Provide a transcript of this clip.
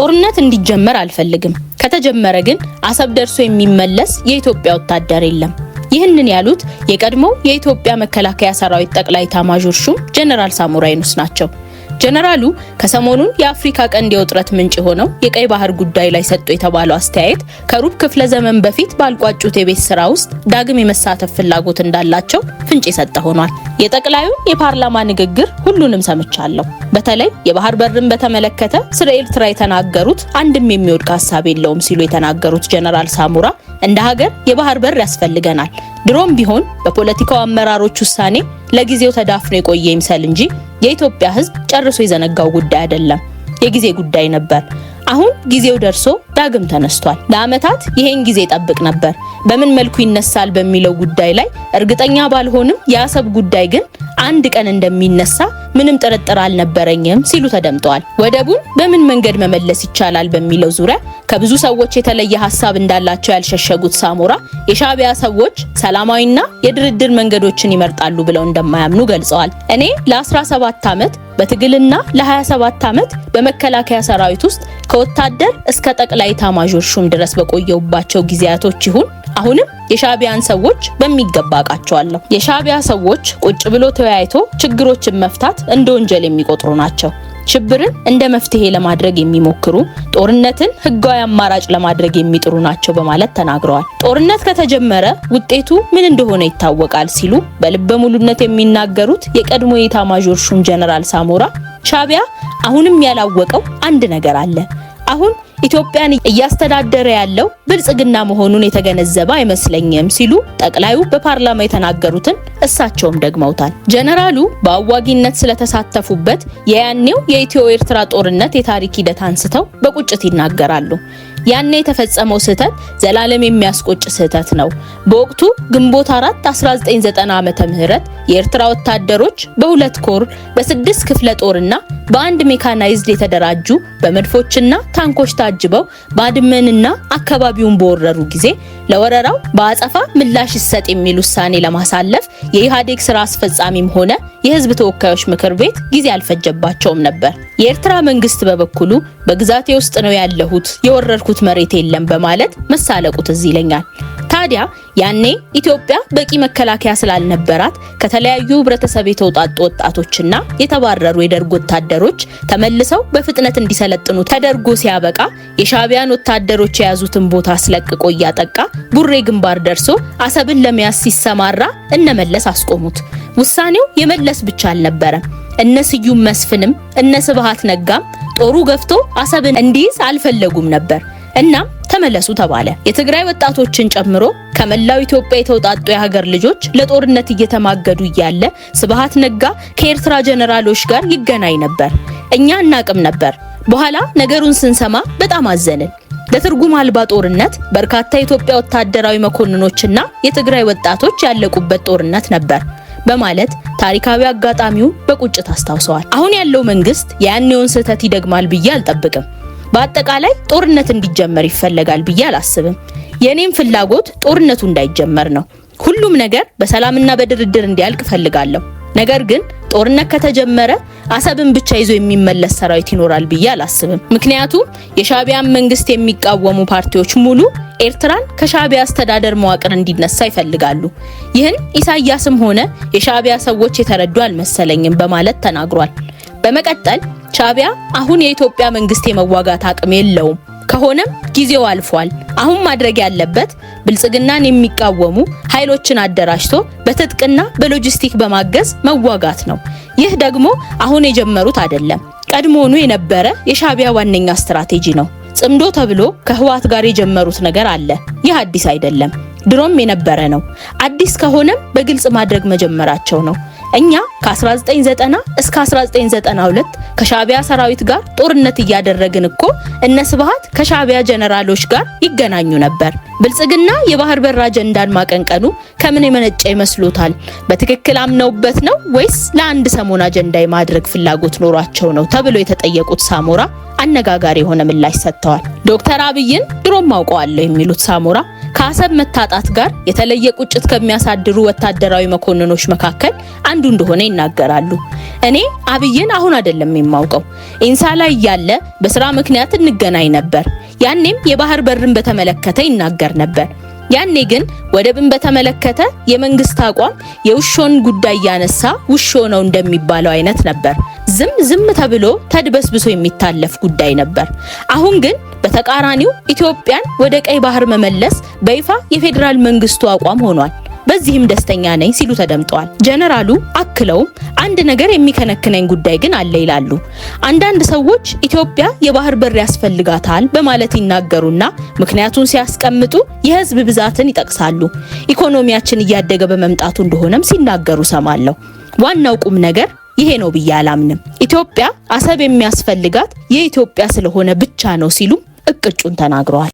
ጦርነት እንዲጀመር አልፈልግም። ከተጀመረ ግን አሰብ ደርሶ የሚመለስ የኢትዮጵያ ወታደር የለም። ይህንን ያሉት የቀድሞው የኢትዮጵያ መከላከያ ሰራዊት ጠቅላይ ኤታማዦር ሹም ጀነራል ሳሞራ የኑስ ናቸው። ጀነራሉ ከሰሞኑን የአፍሪካ ቀንድ የውጥረት ምንጭ የሆነው የቀይ ባህር ጉዳይ ላይ ሰጡ የተባለው አስተያየት ከሩብ ክፍለ ዘመን በፊት ባልቋጩት የቤት ስራ ውስጥ ዳግም የመሳተፍ ፍላጎት እንዳላቸው ፍንጭ የሰጠ ሆኗል። የጠቅላዩን የፓርላማ ንግግር ሁሉንም ሰምቻለሁ። በተለይ የባህር በርን በተመለከተ ስለ ኤርትራ የተናገሩት አንድም የሚወድቅ ሀሳብ የለውም ሲሉ የተናገሩት ጀነራል ሳሙራ እንደ ሀገር የባህር በር ያስፈልገናል ድሮም ቢሆን በፖለቲካው አመራሮች ውሳኔ ለጊዜው ተዳፍኖ የቆየ ይምሰል እንጂ የኢትዮጵያ ሕዝብ ጨርሶ የዘነጋው ጉዳይ አይደለም፣ የጊዜ ጉዳይ ነበር። አሁን ጊዜው ደርሶ ዳግም ተነስቷል። ለአመታት ይሄን ጊዜ ጠብቅ ነበር። በምን መልኩ ይነሳል በሚለው ጉዳይ ላይ እርግጠኛ ባልሆንም የአሰብ ጉዳይ ግን አንድ ቀን እንደሚነሳ ምንም ጥርጥር አልነበረኝም ሲሉ ተደምጠዋል። ወደቡን በምን መንገድ መመለስ ይቻላል በሚለው ዙሪያ ከብዙ ሰዎች የተለየ ሀሳብ እንዳላቸው ያልሸሸጉት ሳሞራ የሻቢያ ሰዎች ሰላማዊና የድርድር መንገዶችን ይመርጣሉ ብለው እንደማያምኑ ገልጸዋል። እኔ ለ17 ዓመት በትግልና ለ27 ዓመት በመከላከያ ሰራዊት ውስጥ ከወታደር እስከ ጠቅላይ ታማዦር ሹም ድረስ በቆየውባቸው ጊዜያቶች ይሁን አሁንም የሻቢያን ሰዎች በሚገባ አውቃቸዋለሁ። የሻቢያ ሰዎች ቁጭ ብሎ ተወያይቶ ችግሮችን መፍታት እንደ ወንጀል የሚቆጥሩ ናቸው። ሽብርን እንደ መፍትሄ ለማድረግ የሚሞክሩ ጦርነትን ህጋዊ አማራጭ ለማድረግ የሚጥሩ ናቸው በማለት ተናግረዋል። ጦርነት ከተጀመረ ውጤቱ ምን እንደሆነ ይታወቃል ሲሉ በልበ ሙሉነት የሚናገሩት የቀድሞ የኢታማዦር ሹም ጀነራል ሳሞራ ሻቢያ አሁንም ያላወቀው አንድ ነገር አለ። አሁን ኢትዮጵያን እያስተዳደረ ያለው ብልጽግና መሆኑን የተገነዘበ አይመስለኝም ሲሉ ጠቅላዩ በፓርላማ የተናገሩትን እሳቸውም ደግመውታል። ጀነራሉ በአዋጊነት ስለተሳተፉበት የያኔው የኢትዮ ኤርትራ ጦርነት የታሪክ ሂደት አንስተው በቁጭት ይናገራሉ። ያኔ የተፈጸመው ስህተት ዘላለም የሚያስቆጭ ስህተት ነው። በወቅቱ ግንቦት 4 1990 ዓመተ ምህረት የኤርትራ ወታደሮች በሁለት ኮር በስድስት ክፍለ ጦርና በአንድ ሜካናይዝድ የተደራጁ በመድፎችና ታንኮች ታጅበው ባድመንና አካባቢውን በወረሩ ጊዜ ለወረራው በአጸፋ ምላሽ ይሰጥ የሚል ውሳኔ ለማሳለፍ የኢህአዴግ ስራ አስፈጻሚም ሆነ የህዝብ ተወካዮች ምክር ቤት ጊዜ አልፈጀባቸውም ነበር። የኤርትራ መንግስት በበኩሉ በግዛቴ ውስጥ ነው ያለሁት የወረርኩ ያረስኩት መሬት የለም በማለት መሳለቁ ትዝ ይለኛል። ታዲያ ያኔ ኢትዮጵያ በቂ መከላከያ ስላልነበራት ከተለያዩ ህብረተሰብ የተውጣጡ ወጣቶችና የተባረሩ የደርግ ወታደሮች ተመልሰው በፍጥነት እንዲሰለጥኑ ተደርጎ ሲያበቃ የሻቢያን ወታደሮች የያዙትን ቦታ አስለቅቆ እያጠቃ ቡሬ ግንባር ደርሶ አሰብን ለመያዝ ሲሰማራ እነመለስ አስቆሙት። ውሳኔው የመለስ ብቻ አልነበረም። እነ ስዩም መስፍንም እነ ስብሃት ነጋም ጦሩ ገፍቶ አሰብን እንዲይዝ አልፈለጉም ነበር። እናም ተመለሱ ተባለ። የትግራይ ወጣቶችን ጨምሮ ከመላው ኢትዮጵያ የተውጣጡ የሀገር ልጆች ለጦርነት እየተማገዱ እያለ ስብሃት ነጋ ከኤርትራ ጀነራሎች ጋር ይገናኝ ነበር። እኛ እናቅም ነበር። በኋላ ነገሩን ስንሰማ በጣም አዘንን። ለትርጉም አልባ ጦርነት በርካታ የኢትዮጵያ ወታደራዊ መኮንኖችና የትግራይ ወጣቶች ያለቁበት ጦርነት ነበር በማለት ታሪካዊ አጋጣሚውን በቁጭት አስታውሰዋል። አሁን ያለው መንግስት የያኔውን ስህተት ይደግማል ብዬ አልጠብቅም። በአጠቃላይ ጦርነት እንዲጀመር ይፈለጋል ብዬ አላስብም። የእኔም ፍላጎት ጦርነቱ እንዳይጀመር ነው። ሁሉም ነገር በሰላምና በድርድር እንዲያልቅ እፈልጋለሁ። ነገር ግን ጦርነት ከተጀመረ አሰብን ብቻ ይዞ የሚመለስ ሰራዊት ይኖራል ብዬ አላስብም። ምክንያቱም የሻቢያን መንግስት የሚቃወሙ ፓርቲዎች ሙሉ ኤርትራን ከሻቢያ አስተዳደር መዋቅር እንዲነሳ ይፈልጋሉ። ይህን ኢሳያስም ሆነ የሻቢያ ሰዎች የተረዱ አልመሰለኝም በማለት ተናግሯል። በመቀጠል ሻቢያ አሁን የኢትዮጵያ መንግስት የመዋጋት አቅም የለውም። ከሆነም ጊዜው አልፏል። አሁን ማድረግ ያለበት ብልጽግናን የሚቃወሙ ኃይሎችን አደራጅቶ በትጥቅና በሎጂስቲክ በማገዝ መዋጋት ነው። ይህ ደግሞ አሁን የጀመሩት አይደለም፣ ቀድሞውኑ የነበረ የሻቢያ ዋነኛ ስትራቴጂ ነው። ጽምዶ ተብሎ ከህወሓት ጋር የጀመሩት ነገር አለ። ይህ አዲስ አይደለም፣ ድሮም የነበረ ነው። አዲስ ከሆነም በግልጽ ማድረግ መጀመራቸው ነው። እኛ ከ1990 እስከ 1992 ከሻቢያ ሰራዊት ጋር ጦርነት እያደረግን እኮ እነ ስብሃት ከሻቢያ ጀነራሎች ጋር ይገናኙ ነበር። ብልጽግና የባህር በር አጀንዳን ማቀንቀኑ ከምን የመነጨ ይመስሎታል? በትክክል አምነውበት ነው ወይስ ለአንድ ሰሞን አጀንዳ የማድረግ ፍላጎት ኖሯቸው ነው ተብሎ የተጠየቁት ሳሞራ አነጋጋሪ የሆነ ምላሽ ሰጥተዋል። ዶክተር አብይን ድሮም አውቀዋለሁ የሚሉት ሳሞራ ከአሰብ መታጣት ጋር የተለየ ቁጭት ከሚያሳድሩ ወታደራዊ መኮንኖች መካከል አንዱ እንደሆነ ይናገራሉ። እኔ አብይን አሁን አይደለም የማውቀው፣ ኢንሳ ላይ እያለ በስራ ምክንያት እንገናኝ ነበር። ያኔም የባህር በርን በተመለከተ ይናገር ነበር። ያኔ ግን ወደብን በተመለከተ የመንግስት አቋም የውሾን ጉዳይ ያነሳ ውሾ ነው እንደሚባለው አይነት ነበር። ዝም ዝም ተብሎ ተድበስብሶ የሚታለፍ ጉዳይ ነበር። አሁን ግን በተቃራኒው ኢትዮጵያን ወደ ቀይ ባህር መመለስ በይፋ የፌዴራል መንግስቱ አቋም ሆኗል። በዚህም ደስተኛ ነኝ ሲሉ ተደምጠዋል። ጀነራሉ አክለውም አንድ ነገር የሚከነክነኝ ጉዳይ ግን አለ ይላሉ። አንዳንድ ሰዎች ኢትዮጵያ የባህር በር ያስፈልጋታል በማለት ይናገሩና ምክንያቱን ሲያስቀምጡ የህዝብ ብዛትን ይጠቅሳሉ። ኢኮኖሚያችን እያደገ በመምጣቱ እንደሆነም ሲናገሩ ሰማለሁ። ዋናው ቁም ነገር ይሄ ነው ብዬ አላምንም። ኢትዮጵያ አሰብ የሚያስፈልጋት የኢትዮጵያ ስለሆነ ብቻ ነው ሲሉም እቅጩን ተናግረዋል።